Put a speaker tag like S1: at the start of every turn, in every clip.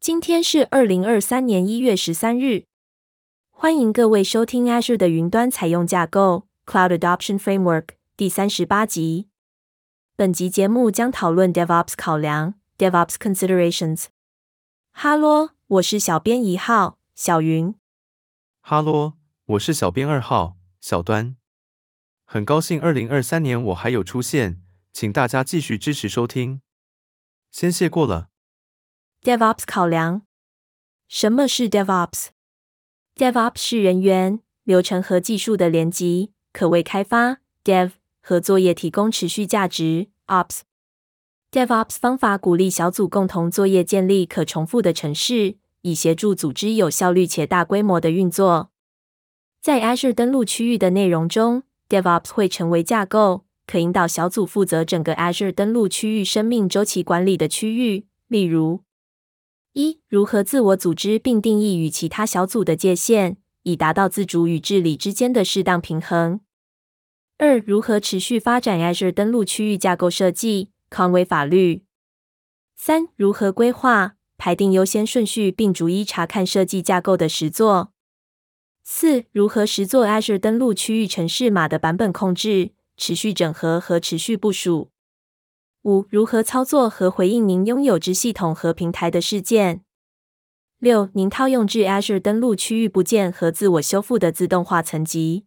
S1: 今天是二零二三年一月十三日，歡迎各位收聽 Azure 的雲端採用架構 Cloud Adoption Framework 第三十八集。本集節目將討論 DevOps 考量 DevOps Considerations。哈嘍，我是小編一號小雲。
S2: 哈嘍，我是小編二號小端。很高興二零二三年我還有出現，請大家繼續支持收聽，先謝過了。
S1: DevOps 考量，什麼是 DevOps？DevOps 是人員、流程和技術的聯集，可為開發、Dev 和作業提供持續價值。Ops。DevOps 方法鼓勵小組共同作業，建立可重複的城市，以協助組織有效率且大規模的運作。在 Azure 登陸區域的內容中，DevOps 會成為架構，可引導小組負責整個 Azure 登陸區域生命周期管理的區域，例如。一、如何自我組織並定義與其他小組的界限，以達到自主與治理之間的適當平衡？二、如何持續發展 Azure 登陸區域架構設計、康威法律？三、如何規劃、排定優先順序，並逐一查看設計架構的實作？四、如何實作 Azure 登陸區域程式碼的版本控制、持續整合和持續部署？五、如何操作和回應您擁有之系統和平台的事件？六、您套用至 Azure 登陸區域部件和自我修復的自動化層級。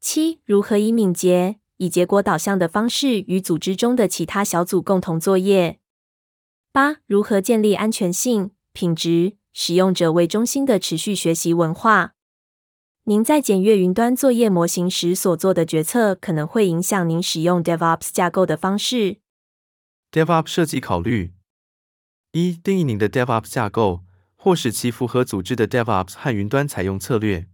S1: 七、如何以敏捷、以結果導向的方式與組織中的其他小組共同作業？八、如何建立安全性、品質、使用者為中心的持續學習文化？您在檢閱雲端作業模型時所做的決策，可能會影響您使用 DevOps 架構的方式。
S2: DevOps 設計考慮：一、定義您的 DevOps 架構，或使其符合組織的 DevOps 和雲端採用策略，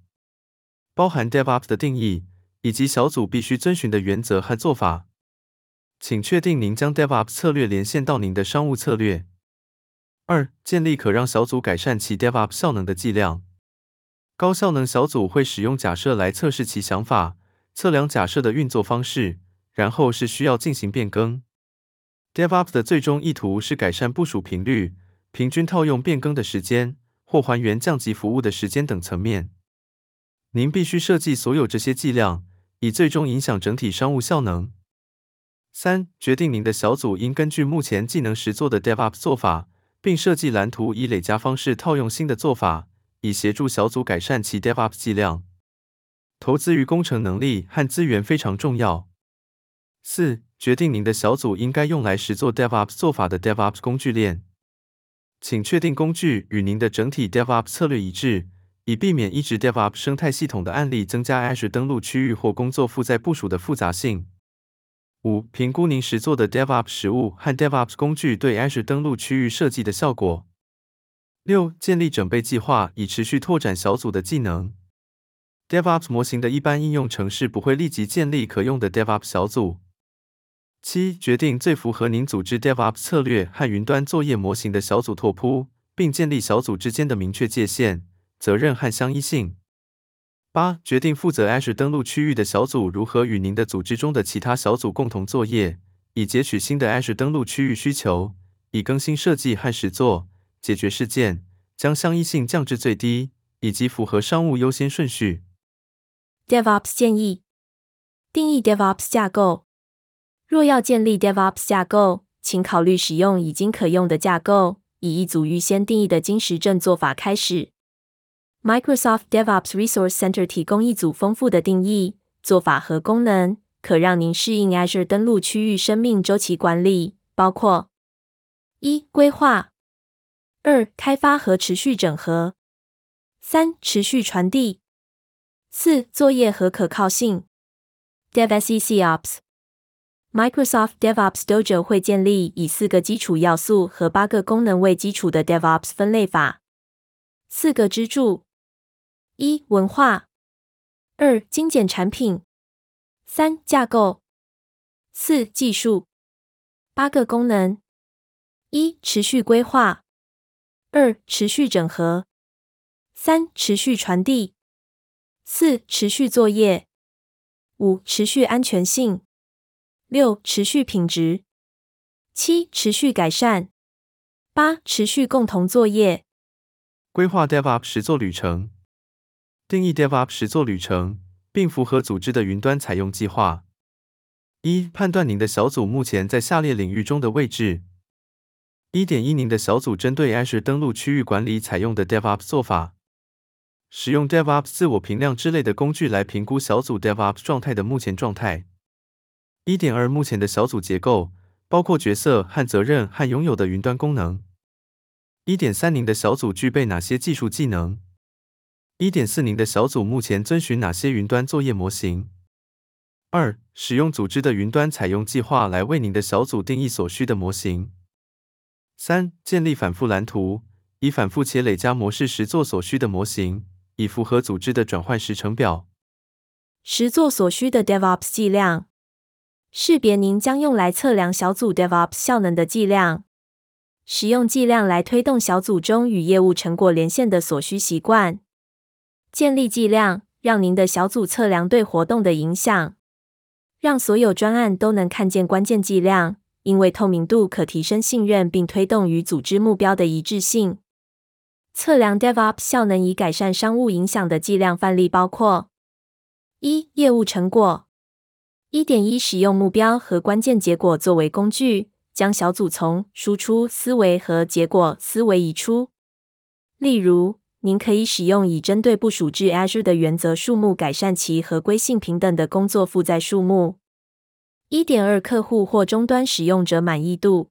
S2: 包含 DevOps 的定義，以及小組必須遵循的原則和做法。請確定您將 DevOps 策略連線到您的商務策略。二、建立可讓小組改善其 DevOps 效能的計量。高效能小組會使用假設來測試其想法，測量假設的運作方式，然後是需要進行變更。DevOps 的最終意圖是改善部署頻率、平均套用變更的時間，或還原降級服務的時間等層面。您必須設計所有這些計量，以最終影響整體商務效能。三、決定您的小組應根據目前技能實作的 DevOps 做法，並設計藍圖以累加方式套用新的做法，以協助小組改善其 DevOps 計量。投資於工程能力和資源非常重要。四、決定您的小組應該用來實做 DevOps 做法的 DevOps 工具鏈，請確定工具與您的整體 DevOps 策略一致，以避免一直 DevOps 生態系統的案例增加 Azure 登陸區域或工作負載部署的複雜性。五、評估您實做的 DevOps 實物和 DevOps 工具對 Azure 登陸區域設計的效果。六、建立準備計劃以持續拓展小組的技能。DevOps 模型的一般應用程式不會立即建立可用的 DevOps 小組。七，決定最符合您組織 DevOps 策略和雲端作業模型的小組拓撲，並建立小組之間的明確界限、責任和相依性。八，決定負責 Azure 登陸區域的小組如何與您的組織中的其他小組共同作業，以截取新的 Azure 登陸區域需求，以更新設計和實作，解決事件，將相依性降至最低，以及符合商務優先順序。
S1: DevOps 建議，定義 DevOps 架構。若要建立 DevOps 架構，請考慮使用已經可用的架構，以一組預先定義的經實證做法開始。Microsoft DevOps Resource Center 提供一組豐富的定義、做法和功能，可讓您適應 Azure 登陸區域生命週期管理，包括：一、規劃；二、開發和持續整合；三、持續傳遞；四、作業和可靠性。DevSecOps。Microsoft DevOps Dojo 會建立以四個基礎要素和八個功能為基礎的 DevOps 分類法。四個支柱：一、文化；二、精簡產品；三、架構；四、技術。八個功能：一、持續規劃；二、持續整合；三、持續傳遞；四、持續作業；五、持續安全性。六、持續品質，七、持續改善，八、持續共同作業。
S2: 規劃 DevOps 實作旅程，定義 DevOps 實作旅程，並符合組織的雲端採用計劃。一、判斷您的小組目前在下列領域中的位置。一點一、您的小組針對 Azure 登陸區域管理採用的 DevOps 做法，使用 DevOps 自我評量之類的工具來評估小組 DevOps 狀態的目前狀態。一點二，目前的小組結構包括角色和責任和擁有的雲端功能。一點三，您的小組具備哪些技術技能？一點四，您的小組目前遵循哪些雲端作業模型？二、使用組織的雲端採用計劃來為您的小組定義所需的模型。三、建立反覆藍圖，以反覆且累加模式實作所需的模型，以符合組織的轉換時程表。
S1: 實作所需的 DevOps 計量。識別您將用來測量小組 DevOps 效能的計量，使用計量來推動小組中與業務成果連線的所需習慣，建立計量，讓您的小組測量對活動的影響，讓所有專案都能看見關鍵計量，因為透明度可提升信任並推動與組織目標的一致性。測量 DevOps 效能以改善商務影響的計量範例包括：一、業務成果。一點一，使用目標和關鍵結果作為工具，將小組從輸出思維和結果思維移出。例如，您可以使用以針對部署至 Azure 的原則數目改善其合規性平等的工作負載數目。一點二，客戶或終端使用者滿意度，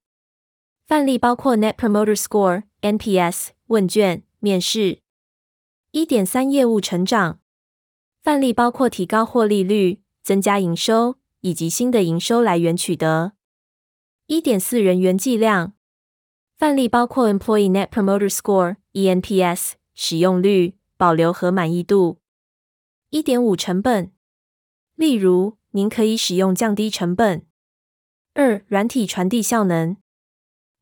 S1: 範例包括 Net Promoter Score (NPS) 問卷、面試。一點三，業務成長，範例包括提高獲利率。增加營收以及新的營收來源取得。一點四，人員計量，範例包括 Employee Net Promoter Score (ENPS) 使用率、保留和滿意度。一點五成本，例如，您可以使用降低成本。二，軟體傳遞效能。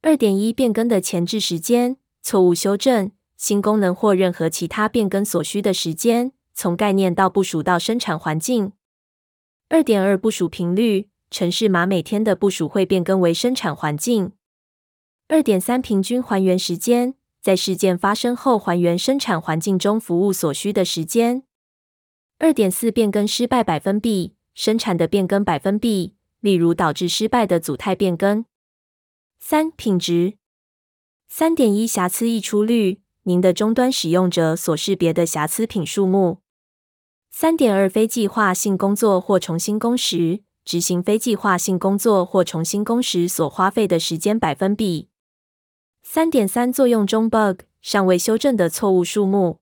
S1: 二點一變更的前置時間、錯誤修正、新功能或任何其他變更所需的時間，從概念到部署到生產環境。二點二部署頻率，程式碼每天的部署會變更為生產環境。二點三平均還原時間，在事件發生後還原生產環境中服務所需的時間。二點四變更失敗百分比，生產的變更百分比，例如導致失敗的組態變更。三品質。三點一瑕疵溢出率，您的終端使用者所識別的瑕疵品數目。三點二非計劃性工作或重新工時，執行非計劃性工作或重新工時所花費的時間百分比。三點三作用中 bug，尚未修正的錯誤數目。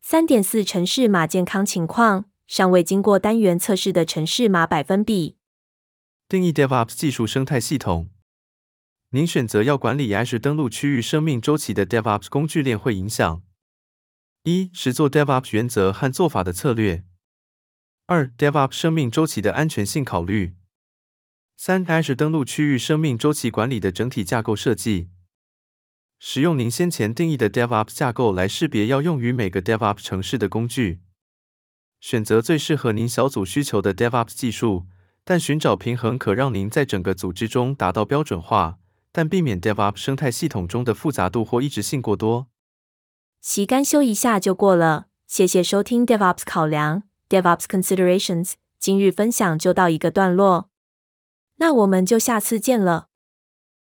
S1: 三點四程式碼健康情況，尚未經過單元測試的程式碼百分比。
S2: 定義 DevOps 技術生態系統。您選擇要管理 Azure 登陸區域生命週期的 DevOps 工具鏈會影響。一是做 DevOps 原則和做法的策略；二，DevOps 生命週期的安全性考慮；三，Azure 登錄區域生命週期管理的整體架構設計。使用您先前定義的 DevOps 架構來識別要用於每個 DevOps 城市的工具，選擇最適合您小組需求的 DevOps 技術，但尋找平衡，可讓您在整個組織中達到標準化，但避免 DevOps 生態系統中的複雜度或異質性過多。
S1: 其幹修一下就過了。謝謝收聽 DevOps 考量，DevOps Considerations。今日分享就到一個段落，那我們就下次見了。